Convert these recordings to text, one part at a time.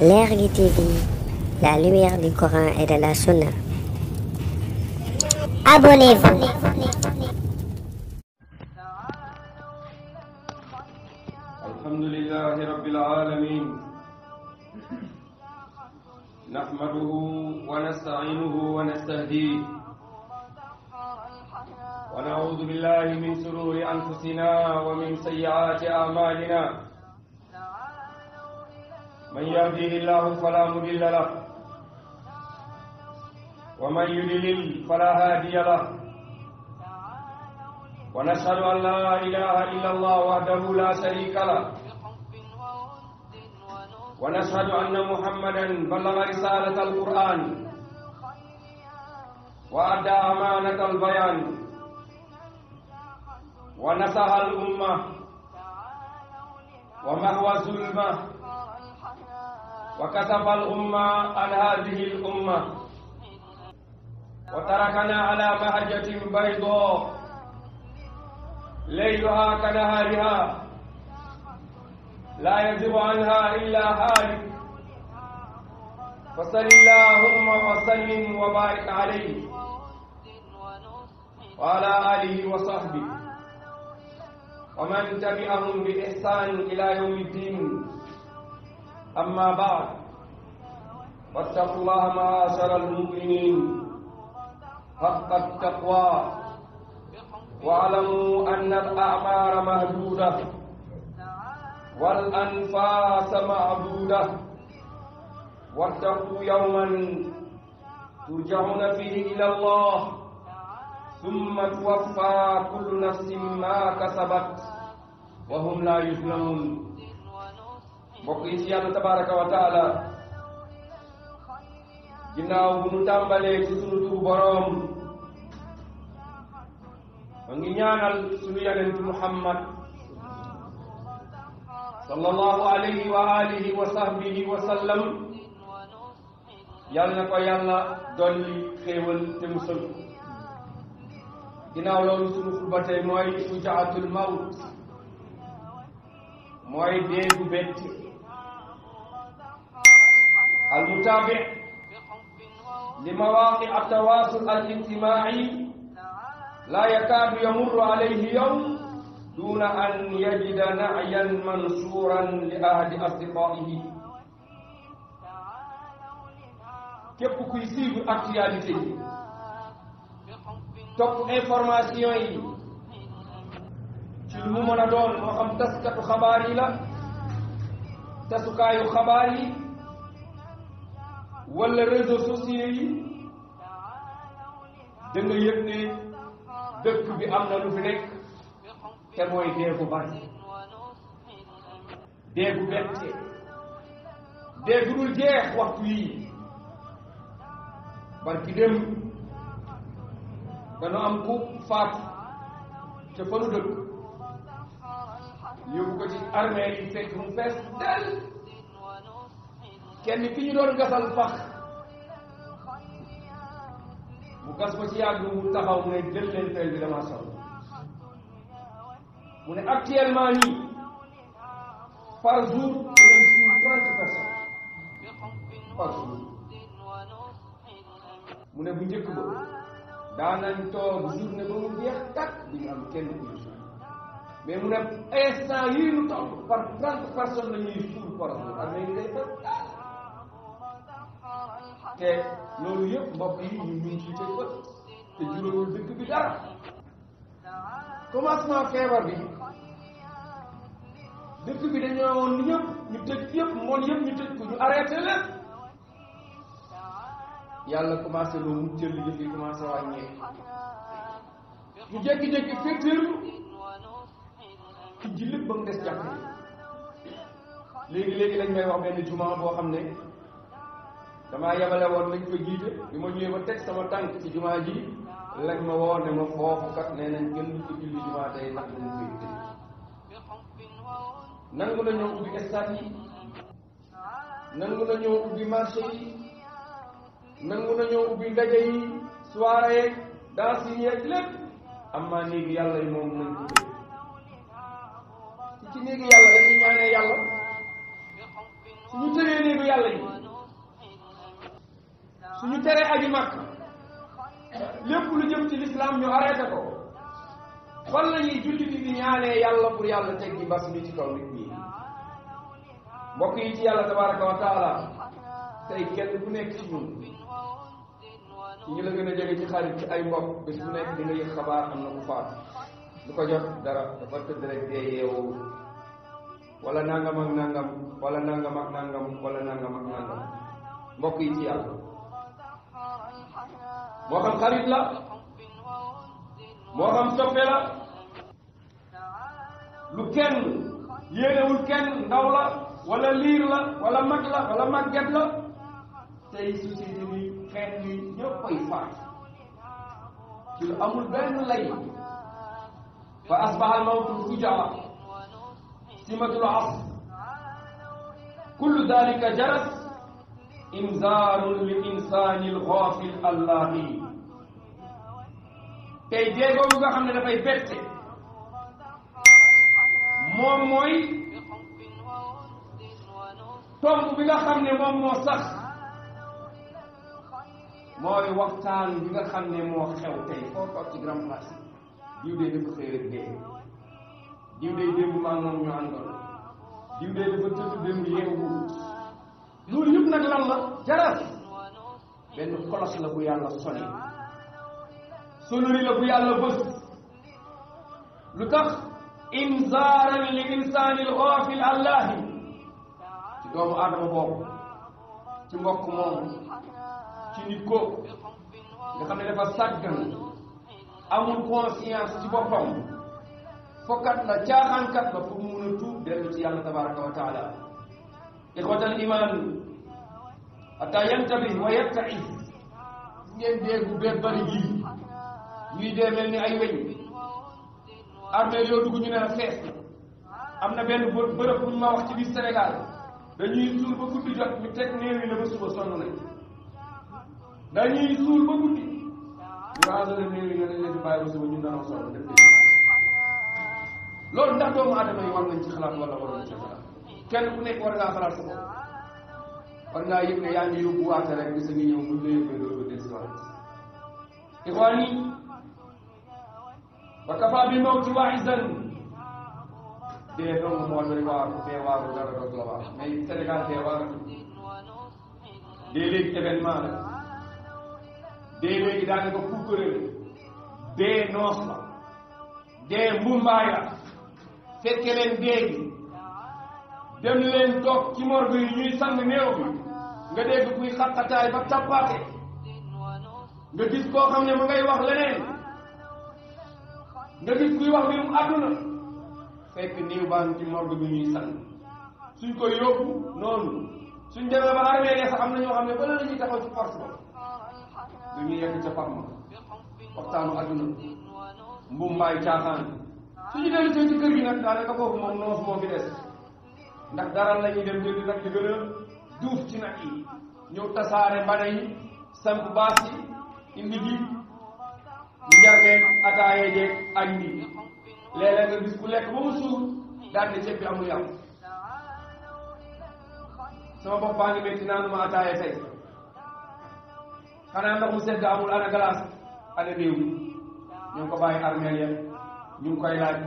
L'air qui te la lumière du Coran et de la Shona. Abonnez-vous Alhamdoulilah Rabbil Alamin Nafmaruhu wa nasta'inuhu wa nasta'hdi Wa na'udhu billahi min sururi anfusina wa min sayyati amalina من يهديه الله فلا مضل له ومن يضلل فلا هادي له ونشهد أن لا إله إلا الله وحده لا شريك له ونشهد أن محمدا بلغ رسالة القرآن وأدى أمانة البيان ونصح الأمة ومهوى الظلمة وكسف الأمة عن هذه الأمة وتركنا على بهجة بيضاء ليلها كنهارها لا يزيغ عنها إلا هالك فصل اللهم وسلم وبارك عليه وعلى آله وصحبه ومن تبعهم بإحسان إلى يوم الدين أما بعد فاتقوا الله معاشر المؤمنين حق التقوى واعلموا أن الأعمار مهدودة والأنفاس معدودة واتقوا يوما ترجعون فيه إلى الله ثم توفى كل نفس ما كسبت وهم لا يظلمون mbokk yi yàlla tabaraka wa taala ginnaaw bu nu tàmbalee ci sunu turu boroom ngi ñaanal sunu yonent muhammad sallallahu alayhi wa alihi wa sahbihi wa sallam yàlla na ko yàlla dolli xéewal te musal ginnaaw loolu sunu xutba tey sujaatul mawt mooy dee bu المتابع لمواقع التواصل الاجتماعي لا يكاد يمر عليه يوم دون أن يجد نعيا منشورا لأحد أصدقائه كيف كيسيب أكتيالتي توك إنفرماسيون يي ci lu mu mën a doon moo xam taskatu xabaar yi la tasukaayu xabaar yi wala réseaux sociaux yi da nga dëkk bi am na lu fi nekk te mooy dee bari dee bette dee gu jeex waxtu yii barki dem dana am ku faatu te fa dëkk yóbbu ko ci armée yi fekk mu fees kenn ki ñu doon gasal fax mu gas ko ci yàgg mu taxaw mu ne jël leen pel bi dama sol mu ne actuellement nii par jour dinañ suur trente personnes par jour mu ne bu njëkk ba toog journée ba mu jeex tak am kenn mais mu ne instant yii toog par trente personnes la ñuy suur par jour am te loolu yëpp mbokk yi ñu ñun ci teg bët te juróowul dëkk bi dara commencement feebar bi dëkk bi dañoo woon ni ñëpp ñu tëj yëpp moon yëpp ñu tëj ko ñu arrêté leen yàlla commencé loolu mu jël yëf yi commencé wàññee ñu jékki-jékki féetéerlu ci ji lépp ba mu des jàpp léegi léegi lañ may wax benn jumaa boo xam ne damaa yebale woon nañ ko jiite bi ma ñëwee ba teg sama tànk ci jumaa ji lañ ma woo ma foofu kat nee kenn du jumaa tey ndax dañ koy tëj nangu na ñoo ubbi stade ubbi marché yi nangu na ñoo ubbi ndaje yi soirée danse yi yeeg lépp amaa néegi yàlla yi moom nañ ko ci néegi yàlla dañuy ñaanee yàlla su ñu tëjee néegu yàlla yi suñu teree aji màkk lépp lu jëm ci lislaam ñu arrêté ko fan la ñuy julli bi di ñaanee yàlla pour yàlla teggi mbas mi ci kaw nit ñi mbokk yi ci yàlla tabaraka wa taala tey kenn bu nekk ci ñun ci ñu la gën ci xarit ci ay mbokk bés bu nekk di nga yëg xabaar am na ku faatu du ko jot dara dafa tëdd rek dee yeewu wala nangam ak nangam wala nangam ak nangam wala nangam ak yi yàlla moo xam xarit la moo xam soppe la lu kenn yéenewul kenn ndaw la wala liir la wala mag la wala màgget la tey société bi xeet yi ñëpp koy faat ci lu amul benn lay fa asbaha almawtu fujaa simatul asr kullu dalika jaras inzaarun li insaanil xaafil allahi tey dee googu nga xam ne dafay bette moom mooy tomb bi nga xam ne moom moo sax mooy waxtaan bi nga xam ne moo xew tey foo toog ci grand place diw dee dafa xëy rek dee diw dee démb maa moom ñu àndoon diw dee dafa tëdd démb yeewu loolu yëpp nag lan la jaraaf benn kolos la bu yàlla soni sonori la bu yàlla bës lu tax inzaaran li insaani l xaafil allahi ci doomu aadama boobu ci mbokk moomu ci nit ko nga xam ne dafa sàggan amul conscience ci boppam fokkat la caaxaankat ba pour mu mun a tuub dellu ci yàlla wa taala إخوة الإيمان حتى ينتبه ويتعظ ngeen dégg bee bari ji ñuy dee mel ni ay weñ armée yoo dugg ñu ne la fees am na benn bërëb bu ñu ma wax ci biir Sénégal dañuy suul ba guddi jot ne ba yi ne di bàyyi ba suba ñu danoo sonn def loolu ndax doomu aadama yi war nañ ci xalaat wala waroon ci xalaat kenn ku nekk war a xalaat sa bopp war ngaa yëg ne yaa ngi yóbbu waate rek bi sa ngi ñëw buñ la yóbbee doo ko desi waat ixwaan yi wa kafa bi mawti waaxizan dee dong moo doy waar dee waaru dara dootu la waar mais Sénégal dee dee léegi événement la dee léegi daanaka puukareel dee noos la dee mbumbaay la fekke leen dee dem leen toog ci morgue yi ñuy sang néew bi nga dégg kuy xaqataay ba tappaate nga gis koo xam ne ma ngay wax leneen nga gis kuy wax mbirum àdduna fekk néew baa ngi ci morgue bi ñuy sang suñ koy yóbbu noonu suñ demee ba armée sax am na ñoo xam ne bala la ñuy taxaw ci force ba du ñu yegg ca fam waxtaanu àdduna mbumbaay caaxaan ci kër gi nag daanaka foofu moom noos moo fi ndax dara la ñuy dem jëndi nag li gën a duuf ci nag yi ñëw tasaare mbana yi samp baas yi indi ji njarmeeg ataaye jeeg añ bi léeg-léeg nga gis ku lekk ba mu suur daal ne ceeb bi amul yàqu sama bopp baa ngi métti naanuma ataaye tey xanaa ndox mu sedd amul ana glace ana néew ñu ngi ko bàyyi armeel ya ñu ngi koy laaj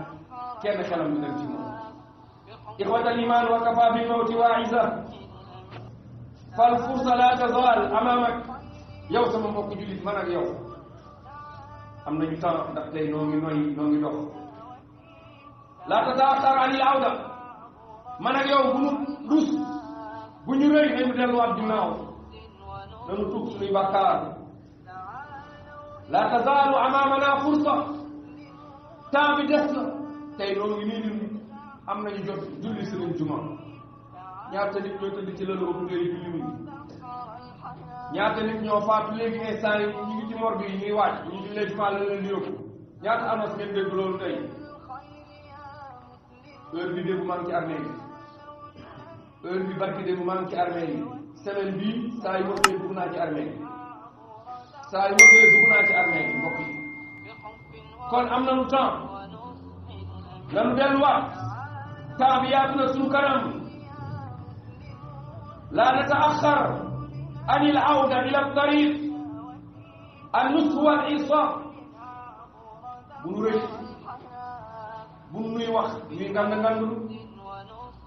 kenn xelam du dem ci moom إخوة الإيمان وكفى بالموت واعزة فالفرصة لا تزال أمامك يوسم ما كنت جلد منك يوسم أم نجتان دقتي نومي نومي نومي دوخ لا تتأثر عن العودة منك يوم بنوك روس بني ري هم دلوا الدناو ننطق سلي بكار لا تزال أمامنا فرصة تابدتنا تيرون منين am nañu jot julli seen juma ñaata nit ñoo faatu léegi instant yi ñu ngi ci morgue yi ñuy waaj ñu ngi leen faale leen yóbbu ñaata annonce ngeen dégg bi dégg maa ngi ci armée yi heure bi barki dégg maa ngi ci armée yi semaine bii saa yu waxee dugg naa ci armée yi saa yu waxee naa ci armée yi mbokk yi kon am nañu temps nanu delluwaat تعبياتنا سوكرم لا نتأخر عن العودة إلى الطريق النصح والإنصاف بنورش بنوي وقت لي غاند غاند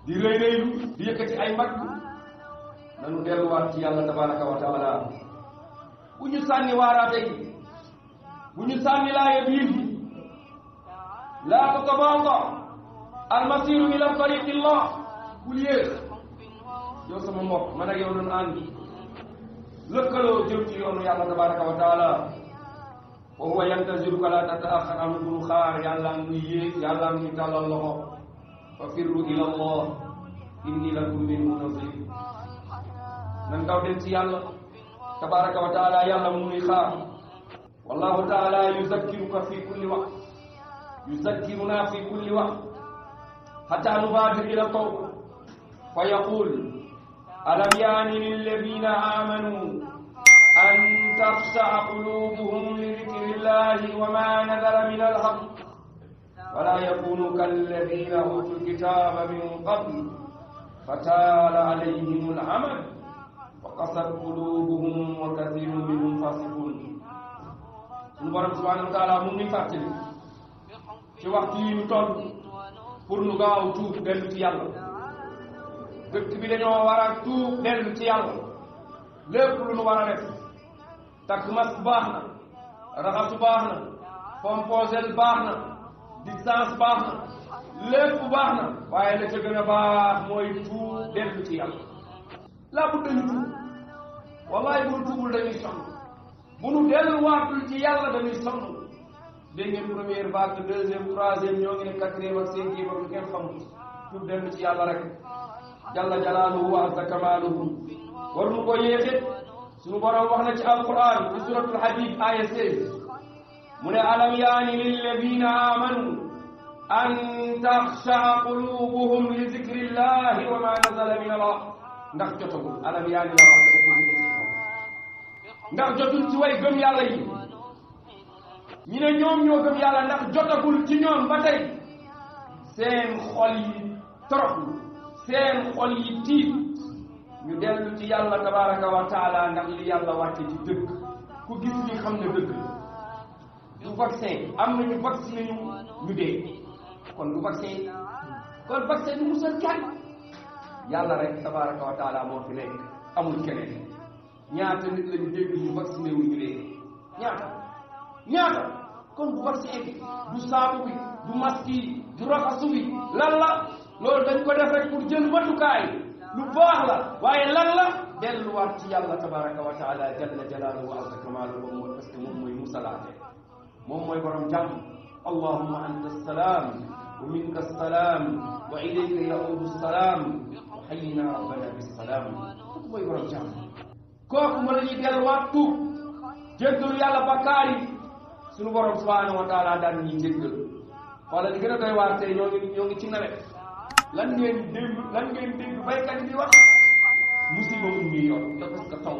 دي ري ري دي يكتي اي مك نانو ديلو وات يالا تبارك وتعالى بني ساني واراتي بني ساني لا يبيل لا تتباطأ almasiru ila tariqillah bul yées yow sama mbokk man ak yow doon ànd lëkkaloo jëm ci yoonu yàlla tabaraka wa taala wa huwa yantaziruka la tataaxar am dul xaar yàlla am nuy yéeg yàlla am nuy tàllal loxo fa firru ila allah inni lakum minhu nasir nan daw dem ci yàlla tabaraka wa taala yàlla mu nuy xaar wallahu taala yuzakkiruka fi kulli waqt yuzakkiruna fi kulli waqt حتى نبادر إلى الطوبة ويقول ألم يعني للذين آمنوا أن تخشع قلوبهم لذكر الله وما نزل من الحق ولا يكونوا كالذين أوتوا الكتاب من قبل فتال عليهم العمل وقست قلوبهم وكثير منهم فاسقون sunu سبحانه وتعالى wa ta'ala mu ngi fàttali pour nu gaaw tuub dellu ci yàlla dëkk bi dañoo war a tuub dellu ci yàlla lépp lu nu war a def takk baax na raxasu baax na pomposel baax na distance baax na lépp baax na waaye la ca gën a baax mooy tuub ci yàlla laa bu dañu tuub wallaay bu nu tuubul dañuy sonn bu nu delluwaatul ci yàlla dégg ngeen première vague deuxième troisième ñoo ngi ne quatrième ak cinquième ak lu xam xamul pour dellu ci yàlla rek jalla jalaaluhu wa azza kamaaluhu war nu ko yéexit suñu borom wax na ci alquran ci surat alhadid aya 16 mu ne alam yaani lilladina amanu an taxshaa qulubuhum li zikrillahi wa ma nazala min allah ndax jotagul alam yaani la wax dafa ndax jotul ci way gëm yàlla yi ñi ne ñoom ñoo gëm yàlla ndax jotagul ci ñoom ba tey seen xol yi toroxlu seen xol yi tiit ñu dellu ci yàlla tabaraka wa taala ndax li yàlla wàcce ci dëkk ku gis li xam ne dëkk du vaccin am na ñu vaccin ñu ñu dee kon du vaccin kon vaccin du musal kenn yàlla rek tabaraka wa taala moo fi nekk amul keneen ñaata nit lañu dégg ñu vacciné wu ñu dee ñaata ñaata kon bu vaccin bi du saabu bi du masque du raxasu bi lan la loolu dañ ko def rek pour jël matukaay lu baax la waaye lan la delluwaat ci yàlla tabaraka wa taala jalla wa azza parce que moom mooy musalaate moom mooy borom jàmm allahumma anta salaam wa minka salaam wa ilayka yaudu salaam wa hayyina rabbana bisalaam kooku mooy borom jàmm kooku ma la ñuy delluwaat tuub jéggalu yàlla bakkaar yi suñu borom subhanahu wa taala daan ñuy jéggal wala li gën a doy waar tey ñoo ngi ñoo ngi ci nawet lan ngeen dégg lan ngeen dégg baykat yi di wax musiba mu ñuy yor te parce que taw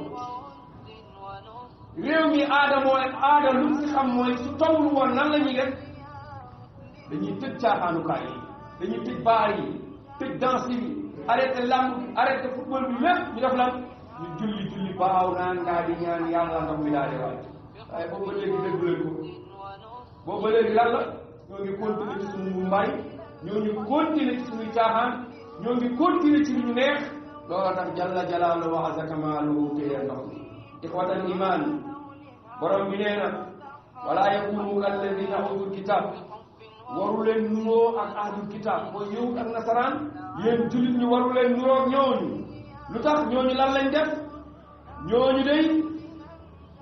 réew mi aada mooy aada lu si xam mooy su tawlu woon nan la ñuy def dañuy tëj caaxaanukaay yi dañuy tëj baar yi tëj danse yi arrêté lamb bi arrêté football bi lépp ñu def lan ñu julli julli baaw naan ngaa di ñaan yàlla ndox mi daal di wàcc waaye boobu ba léegi dégguleen ko boobu ba léegi lan la ñoo ngi continuer ci suñu mbay ñoo ngi continuer ci suñu caaxaan ñoo ngi continuer ci ñu neex loola tax jalla jalaalu wa azakamaluhu téye ndox ikhwatan iman borom bi nee na wala yakunu kalladina utul kitab waru leen nuroo ak ahlul kitab mooy yëwut ak nasaraan yéen julit ñi waru leen nuroo ñooñu lu tax ñooñu lan lañ def ñooñu day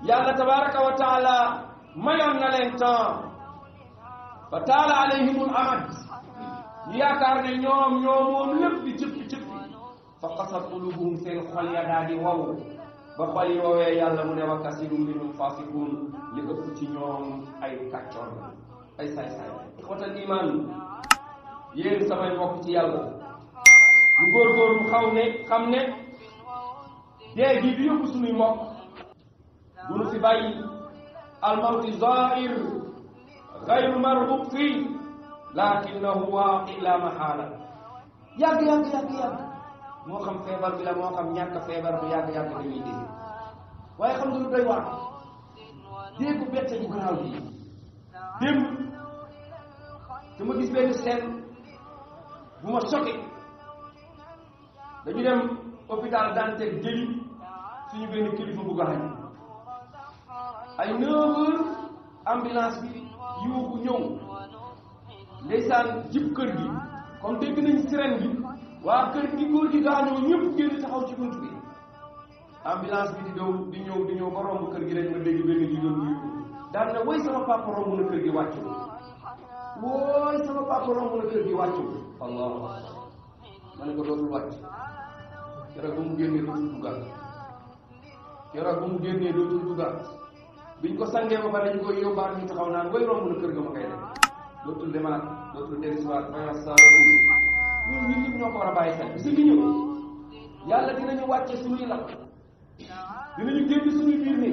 يالله تبارك وتعالى ما يمنلنتا فتعالى عليهم الأمد كارن يوم يوم لب جب جب فقصد قلوبهم سين خليا دادي واو بخلي واو يالله من وكثير منهم فاسقون لأفتي يوم أي كاتشون أي ساي ساي إخوة الإيمان yéen samay mbokk ci yàlla ñu góorgóorlu xaw ne xam ne dee gi du دون سباي الموت زائر غير مرغوب فيه لكنه واقع لا محالة ياك ياك ياك ياك moo xam feebar bi la moo xam ñàkk feebar bu yàgg yàgg dañuy dee waaye xam nga lu doy waar dee bu bette bu garaaw bi démb dama gis benn seen bu ma choqué dañu dem hôpital Dantec jëli suñu benn kilifa bu gaañu ay 9 heures ambulance bi yuuxu ñëw ndeysaan jib kër gi comme dégg nañ sirène bi waa kër gi góor gi gaañoo ñëpp génn taxaw ci bunt bi ambulance bi di daw di ñëw di ñëw ba romb kër gi rek ma dégg benn jigéen bu yuuxu daan na woy sama romb na kër gi wàccul wooy sama romb na kër gi wàccul ma ne ko dootul wàcc keroog ba mu génnee dootul dugaat keroog ba mu génnee dootul dugaat biñ ko sangee ba pare ñu koy yóbbaat ñu taxaw naan way romb na kër ga ma koy def dootul demaat dootul dellusiwaat may wax saa ñun ñun ñëpp ñoo ko war a xel bis ngi ñëw dinañu wàcce suñuy lakk dinañu génn suñuy biir ne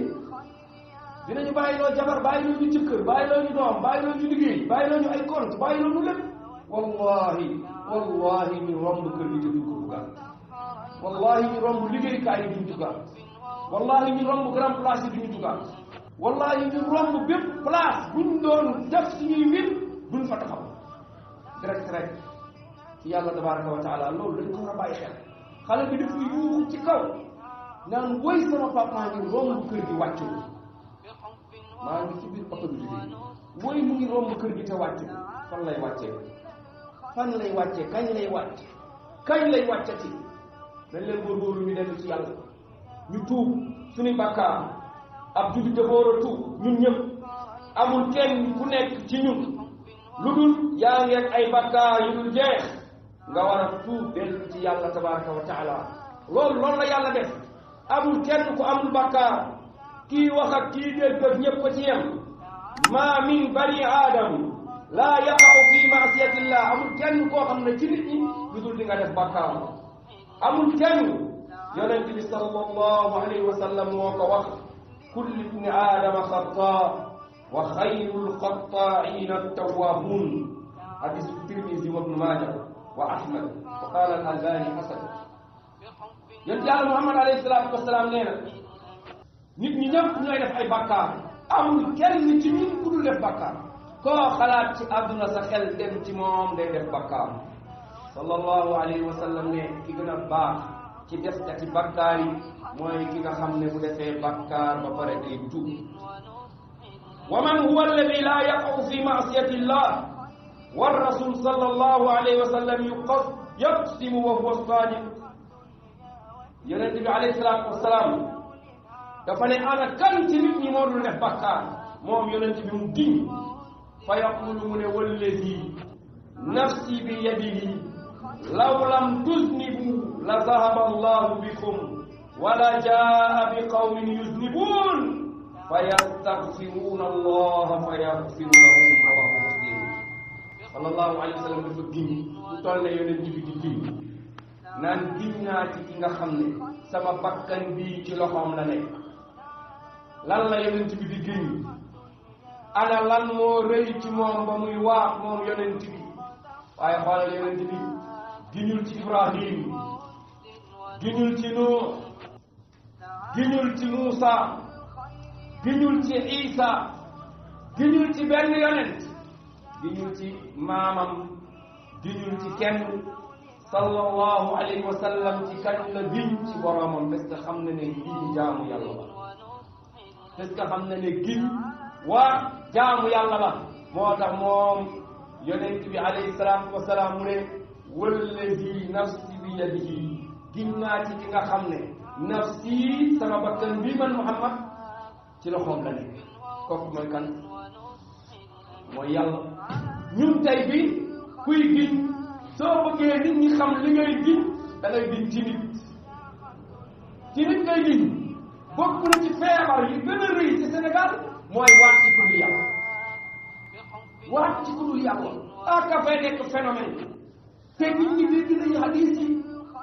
dinañu bàyyiloo jabar bàyyiloo ñu jëkkër ñu doom ñu liggéey ñu ay compte ñu wallahi wallahi ñu romb kër gi te ko wallahi ñu romb liggéeykaay yi wallahi ñu romb grand place wallahi ñu romb bépp place buñ doon def suñuy mbir buñ fa taxaw direct rek ci yàlla tabaraka wa taala loolu dañ ko war a bàyyi xel xale bi dafa yuuxu ci kaw naan woy sama papa ngi romb kër gi wàccu maa ngi ci biir oto bi liggéey woy mu ngi romb kër gi te wàccu fan lay wàccee fan lay wàccee kañ lay wàcce kañ lay wàccati dañ leen góorgóorlu ñu dellu ci yàlla ñu tuub suñuy bàkkaar ab jullit dafa war ñun ñëpp amul kenn ku nekk ci ñun lu dul yaa ngi ay bakkaar yu dul jeex nga war a tuub ci yàlla tabaraka wa taala loolu loolu yàlla def amul kenn ku amul bakkaar kii wax ak kii dégg ak ci yem maa min bani aadam laa yaqa'u fi maasiyatillah amul kenn koo xam ne ci nit ñi lu dul di nga def bakkaar amul kenn yonent bi sallallahu alayhi wa sallam كل ابن آدم خطاء وخير القطاعين التوابون حديث الترمذي وابن ماجه وأحمد وقال الألباني حسن يرجع محمد عليه الصلاة والسلام لنا نبني ني نيب ني اي بكار أو الكلمة من مين كودو بكار كو خلات تي ادنا سا خيل ديم بكار صلى الله عليه وسلم ني كي غنا با تي ديف تي mooy ki nga xam ne bu defee bakkaar ba pare day tub wa man huwa alladi laa yaqaw fi maasiyati llah wa rasul sal allahu alayhi wa sallam yuqas yaqsimu wa huwa sadiq yonent bi alayhi salaatu wasalaam dafa ne ana kan ci nit ñi moo dul def bakkaar moom yonent bi mu diñ fa yaqulu mu ne walladi nafsi bi yadihi law lam tuznibu la zahaba allahu bikum wala jaa bi qawmin yuznibuun fayastaghfiruuna allaha fayaghfiru lahum rawahu muslim sallallahu alayhi wa sallam dafa giñ ñu toll ne yonent bi di giñ naan giñ naa ci ki nga xam ne sama bakkan bii ci loxoom la nekk lan la yonent bi di giñ ana lan moo rëy ci moom ba muy waax moom yonent bi waaye xoolal yonent bi giñul ci Ibrahim giñul ci Nuux giñul ci Muusa giñul ci Isa giñul ci benn yonent giñul ci maamam giñul ci kenn sallallahu alayhi wa sallam ci kan la giñ ci boromam parce que xam na ne giñ jaamu yàlla ba parce que xam na ne giñ waa jaamu yàlla ba moo tax moom yonent bi alayhi salaatu wa salaam mu ne walladi nafsi bi yadihi giñ naa ci ki nga xam ne nafsi sama bakkan bii man Muhammad ci loxoom la kooku mooy kan mooy yàlla ñun tey bi kuy giñ soo bëggee nit xam li ngay giñ da ngay giñ ci nit ci nit ngay giñ bokk na ci feebar yi gën a rëy ci Sénégal mooy waat ci ku dul yàlla waat aka ah, fay nekk te nit ñi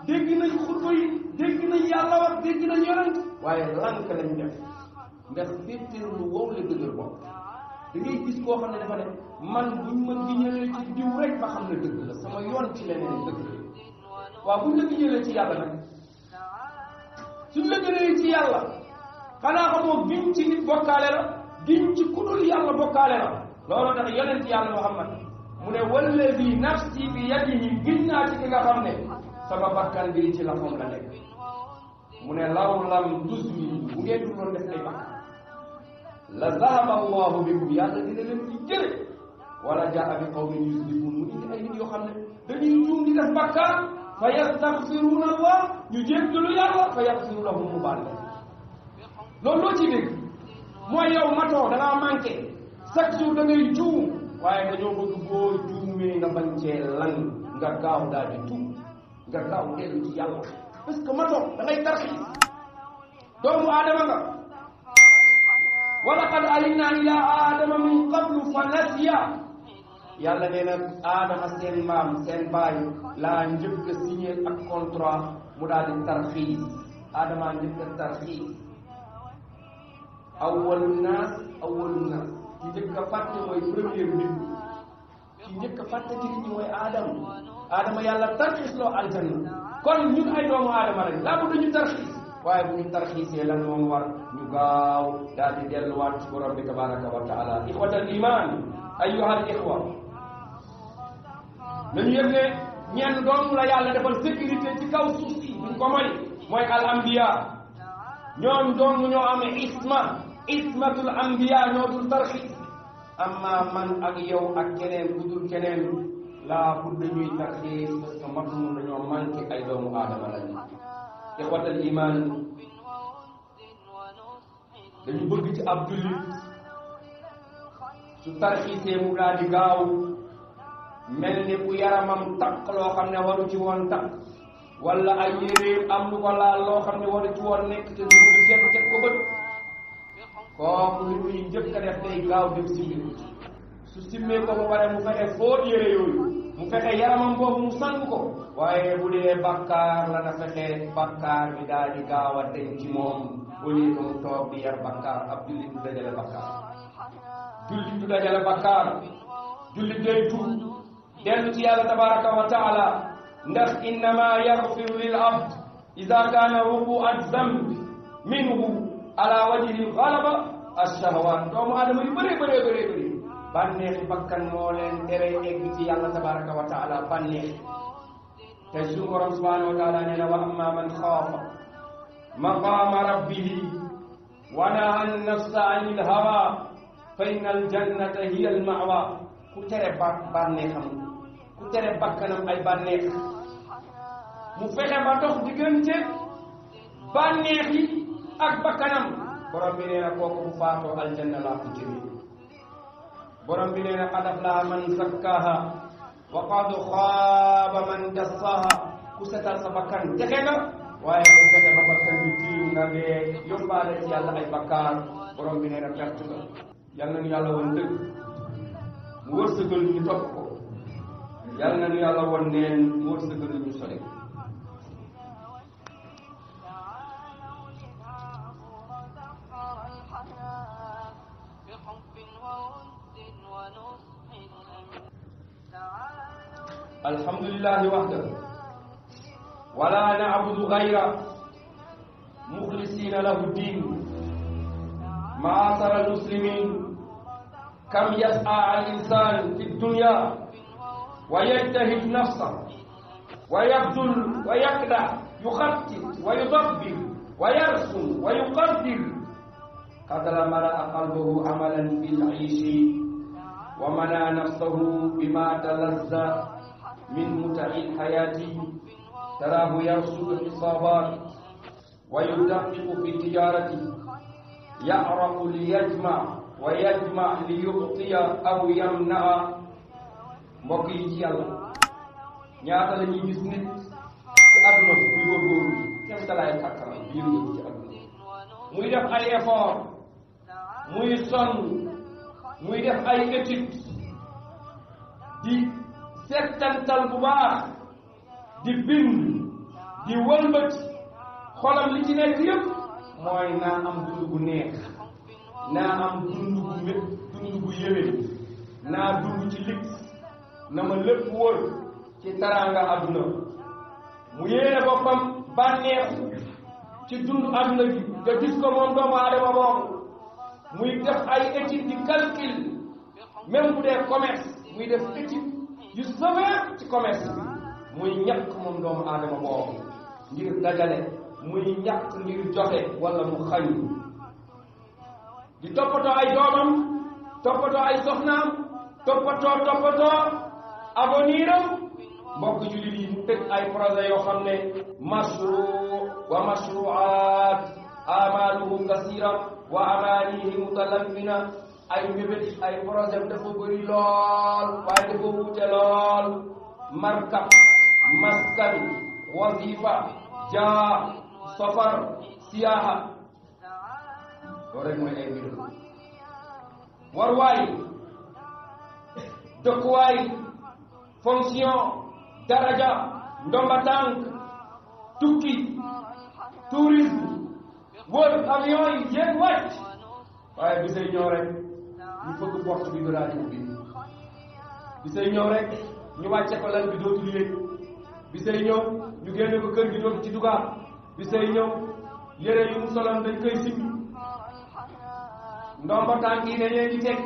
dégg nañu dégg nañ yàlla wax dégg nañ yonent waaye lànk lañ def ndax féppéer lu wow la dëgër bopp da ngay gis koo xam ne dafa ne man buñ ma giñalee ci diw rek ba xam ne dëgg la sama yoon ci leneen dëgg la waaw buñ la giñalee ci yàlla nag suñ la gënee ci yàlla xanaa xamoo giñ ci nit bokkaale la giñ ci kudul yàlla bokkaale la loolu tax yonent yàlla Muhammad mu ne wallazi nafsi bi yadihi giñ naa ci ki nga xam ne sama bakkan bi ci la mu ne law lam tusmiu bu ngeen dul doon def ay bàkkaar la zahaba allahu bikum yàlla dina leen ci jële wala jaa bi qawmin yuslifun mu indi ay nit yoo xam ne dañuy juum di def bàkkaar fa yastaxfiruuna allah ñu jéggalu yàlla fa yaxfiru lahum mu baal leen loolu loo ci dégg mooy yow matoo da ngaa manqué chaque jour da ngay juum waaye dañoo bëgg boo juumee nga bañ cee lan nga gaaw daal di parce que matoo da ngay tarxi doomu aadama nga walaqad alimna ila adama min qablu fa nasiya yàlla ya nee na aadama seen maam seen baay laa njëkk a signé ak contrat mu daal di tarxiis aadama njëkk a tarxiis awalu naas awalu naas ki njëkk a fàtte mooy premier njëkk a fàtte ci nit ñi mooy aadama aadama yàlla loo aljanna kon ñun ay doomu aadama lañ laa bu ñu tarxiis waaye bu ñu tarxiisee lan moom war ñu gaaw daal di delluwaat ci borom la yàlla defal sécurité ci kaw suuf si buñ ko may mooy al ambiya ñoom doomu man ak yow ak keneen keneen laa pour dañuy taxiis parce que mat mun dañoo manqué ay doomu aadama lañu ixwatal imaan dañu bëgg ci ab jullit su tarxiisee mu daal di gaaw mel ni ku yaramam takk loo xam ne waru ci woon takk wala ay yéreem am lu ko laal loo xam ne waru ci woon nekk te du bëgg kenn teg ko bët kooku li muy njëkk a def day gaaw dem si mbir su simmee ko ba pare mu fexe fóot yére yooyu mu fexe yaramam boobu mu sang ko waaye bu dee bakkaar la na fexe bakkaar bi daal di gaaw a deñ ci moom au lieu que mu toog di yar bakkaar ab jullit du dajale bakkaar jullit du dajale bakkaar jullit day tuub dellu ci yàlla tabaraka wa taala ndax innama yaxfiru lil abd ida kaana wuqu at zambi minhu ala wajhi galaba alshahwat doomu adama yu bëree bëree bëree bëri bànneexi bakkan moo leen tere egg ci yàlla tabaraka wa taala bànneexi te suñu borom subhanahu wa taala nee na wa amma man xaafa maqaama rabbihi wa naha nafsa an il hawa fa inna al jannata hiya al mawa ku tere ba bànneexam ku tere bakkanam ay bànneex mu fexe ba dox diggante bànneex yi ak bakkanam borom bi nee na kooku bu faatoo aljanna laa ko jëmee برم بنين قد افلا من سكاها وقد خاب من دساها كسات سبكان تكنا واي كسات سبكان بيتي نبي يوم بعد يا الله اي بكار برم بنين بيرتو يالنا ني الله وند مورسغل ني توكو يالنا ني الله وندين مورسغل ني سوري الحمد لله وحده ولا نعبد غيره مخلصين له الدين معاصر المسلمين كم يسعى الإنسان في الدنيا ويجتهد نفسه ويبذل ويخدع يخطط ويضبط ويرسم ويقدر قدر ملأ قلبه عملا بالعيش ومنى نفسه بما تلذ من متع الحياة تراه يرسل الحسابات ويدقق في تجارته يعرق ليجمع ويجمع ليعطي أو يمنع مقيتي الله نياتا لن يجيس نت أدنس بيبور كيف تلا يتكرم بيبور كيف تلا يتكرم مويدف أي أفور muy def ay étude di settantal bu baax di bind di wëlbët xolam li nekk yëpp mooy naa am dund gu neex naa am dund gu mét dund gu yëwén naa dund ci lig na ma lépp wër ci taraanga adduna mu yéene boppam bànneexu ci dund adduna gi nga gis ko moom doomu aadama boobu muy def ay étude di calcul même bu dee commerce muy def étude yu sévère ci commerce bi muy ñàkk moom doomu aadama boobu ngir dajale muy ñàkk ngir joxe wala mu xañ di toppatoo ay doomam toppatoo ay soxnaam toppatoo toppatoo aveniram mbokk jullit yi mu teg ay projet yoo xam ne masru wa masruat amaluhu kasira wa amalihi mutalammina ay mebet ay projet dafa bari lol way dafa wuté lol marka maskan wazifa ja safar siyaha rek moy ay mbir war way de quoi fonction daraja ndomba tank tukki tourisme wër avion yi jéem wàcc waaye bisay ñëw rek ñu fëgg porte bi daal di ubbi bisay ñëw rek ñu wàcce ko lan bi dootul yéeg bisay ñu génne kër gi dootu ci dugaar bisay ñëw yére yu mu soloon dañ koy simb ndombo tànk yi dañee di teg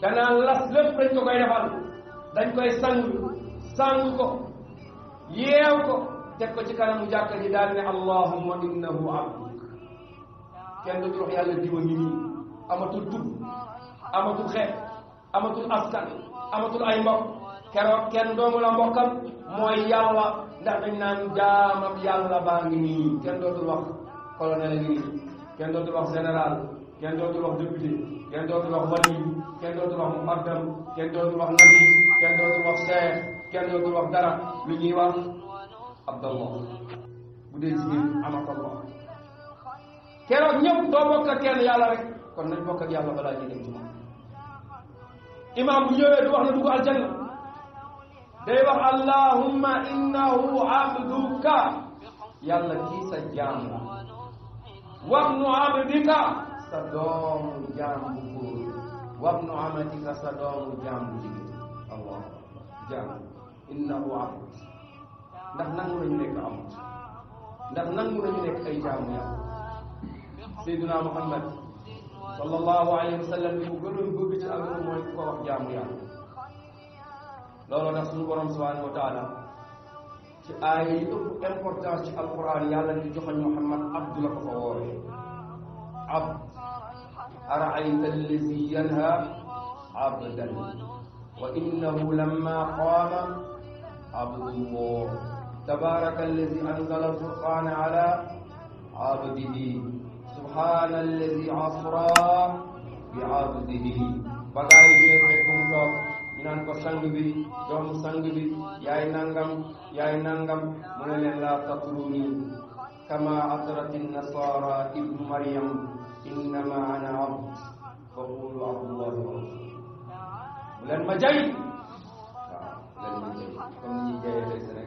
danaa las lépp dañ ko koy defal dañ koy sang sang ko yeew ko teg ko ci kanamu jàkka ji daal ne allahumma innahu abduk kenn du wax yàlla diwa ngi nii amatul tub amatul xeet amatul askan amatul ndax dañ naan jaamam yàlla baa ngi nii kenn dootul wax colonel ngi nii kenn dootul wax général kenn dootul wax député kenn dootul wax wali kenn dootul wax muqaddam kenn dootul wax nabi kenn dootul wax seex kenn dootul wax dara lu ñuy wax Abdallah budi dee amak ah. amatallah keroog ñëpp doo bokk ak kenn yàlla ya, rek kon nañ bokk ak dem imam bu ñëwee du wax na aljanna day wax allahumma innahu abduka sa abdika sa doomu jaam bu góor wabnu amatika sa doomu jaam bu allah jaam innahu abd ndax nangu nañu nekk amut ndax nangu nañu nekk ay jaamu yàlla sayduna muhammad sallallahu alayhi wa sallam li mu gënoon bëgg ci àdduna mooy ku ko wax jaamu yàlla looloo tax suñu borom subhanahu wa taala ci aaya yi ëpp importance ci alquran yàlla ñu joxoñ muhammad abdu la ko fa woowee abd araayta allazi yanha abdan wa innahu lamma qaama abdullah تبارك الذي أنزل الفرقان على عبده سبحان الذي عصرى بعبده بقائي جيركم توب إنان كو سنگ بي جوم سنگ بي ياي نانغم ياي نانغم لا تطروني كما أطرت النصارى ابن مريم إنما أنا عبد فقول عبد الله ورسوله ولن مجاي ولن مجاي ولن مجاي ولن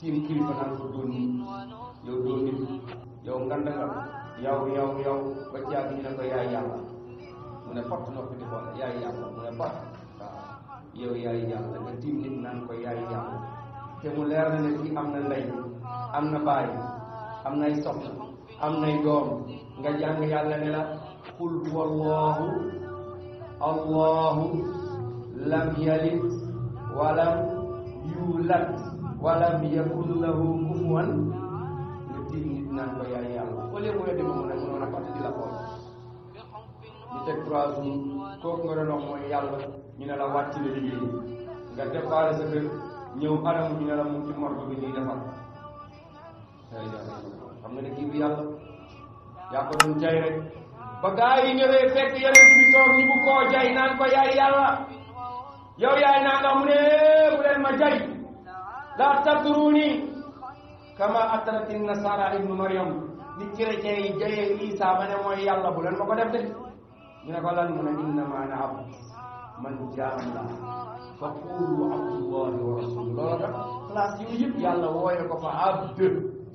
tiim kilifa naan ko doon nit yow doon nit yow ngandangam yow yow yow ba jaag ñu ne ko yaay yàlla mu ne fott noppi di xool yaay yàlla mu ne fott waaw yow yaay yàlla nga tiim nit naan ko yaay yàlla te mu leer na ne kii am na ndey am na baay am nay soxna am nay doom nga jàng yàlla ne la qul wallahu allahu lam yalid walam yulad wala yakun lahu kufuwan nan lebih yaay yàlla au lieu mu weddi moom nag mënoon a di la xool ñu teg nga doon wax mooy yàlla ñu ne la wàcc la liggéey nga déparé sa kër ñëw anamu ñu la mu ci bi xam nga ne ko jay rek ba gaa yi ñëwee fekk yeneen bi toog ñu bu jay ko yaay yow yaay ne bu ma jay laa tadruni kama atarati nasara ibnu mariam di chrétien yi jayee isa ba ne mooy yàlla bu leen ma ko def de ñu ne ko lan mu ne innama ana abd man jaam la fa qulu abdullahi wa rasulu loolu tax place yooyu yëpp yàlla wooye ko fa abd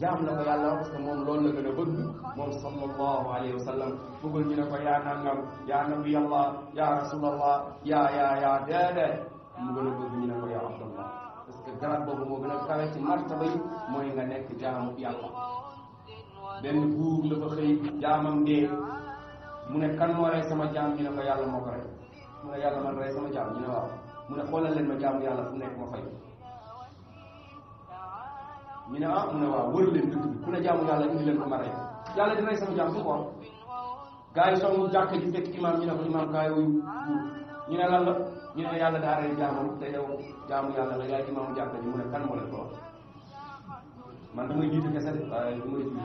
jaam la ko yàlla parce que moom loolu la gën a bëgg moom sallallahu alayhi wa sallam bëggul ñu ne ko yaa nangam yaa nabiyallah yaa rasulallah yaa yaa yaa déedéet mu gën a bëgg ñu ne ko yaa abdallah garaat boobu moo gën a kawe ci martaba yi mooy nga nekk jaamu yàlla benn buur la fa xëy jaamam dee mu ne kan moo rey sama jaam ñu ne ko yàlla moo ko rey mu ne yàlla mu ne xoolal leen ma jaamu yàlla fu nekk ma fay ñu ne ah mu ne waaw wër leen sama jaam su ko gaa yi song jàkk ji fekk imaam ñu ne ko imaam kaa yooyu ñu ne lan ñu ne yàlla daa rey jaamam te yow jaamu yàlla la yaay imaamu jàkka ji mu ne kan moo leen ko wax man damay jiite kese de waaye du may ne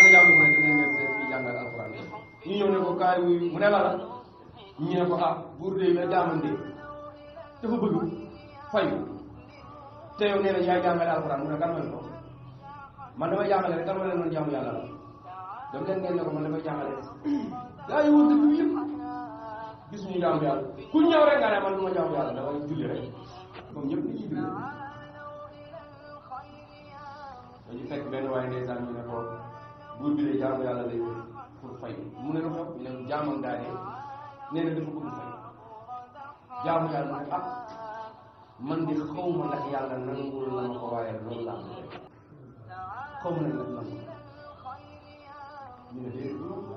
ana jaamu ne dinañ leen seet ci jàngal mu ne la la ñu ne ko ah buur de la jaamam de dafa bëgg fayu te yow nee na yaay jàngale alquran mu ne kan moo leen ko man damay jàngale rek kan moo leen doon jaamu yàlla la dem leen ngeen ne ko man damay jàngale gaa yi wër dëkk gis ñu jaamu yàlla ku ñëw rek nga ne man du ma jaamu yàlla damay julli rek moom ñëpp ni ñuy julli dañu fekk benn waaye ndeysaan ñu ne ko buur bi de jaamu yàlla lay wër pour fay mu ne lu xew ñu ne jaamam daa dee nee na dafa bëgg fay jaamu yàlla nag ah man de xaw ma ndax yàlla nangul na ma ko waaye loolu laa ma xaw ma nag nag man ñu ne déedéet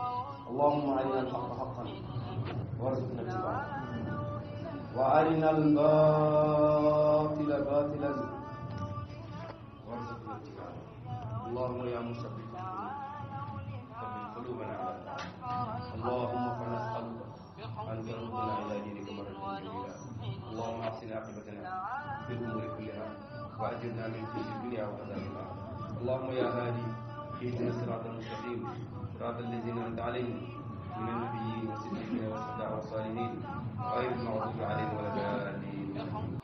اللهم أرنا الحق حقا وارزقنا اتباعه وأرنا الباطل باطلا وارزقنا اتباعه اللهم يا موسى ثبت قلوبنا على اللهم فنسألك أن تردنا إلى دينك مرة جميلة اللهم أحسن عاقبتنا في الأمور كلها وأجرنا من كل الدنيا وعذاب الله اللهم يا هادي اهدنا الصراط المستقيم الصراط الذين أنعمت عليهم من النبيين والصديقين والشهداء والصالحين غير المغضوب عليهم ولا الضالين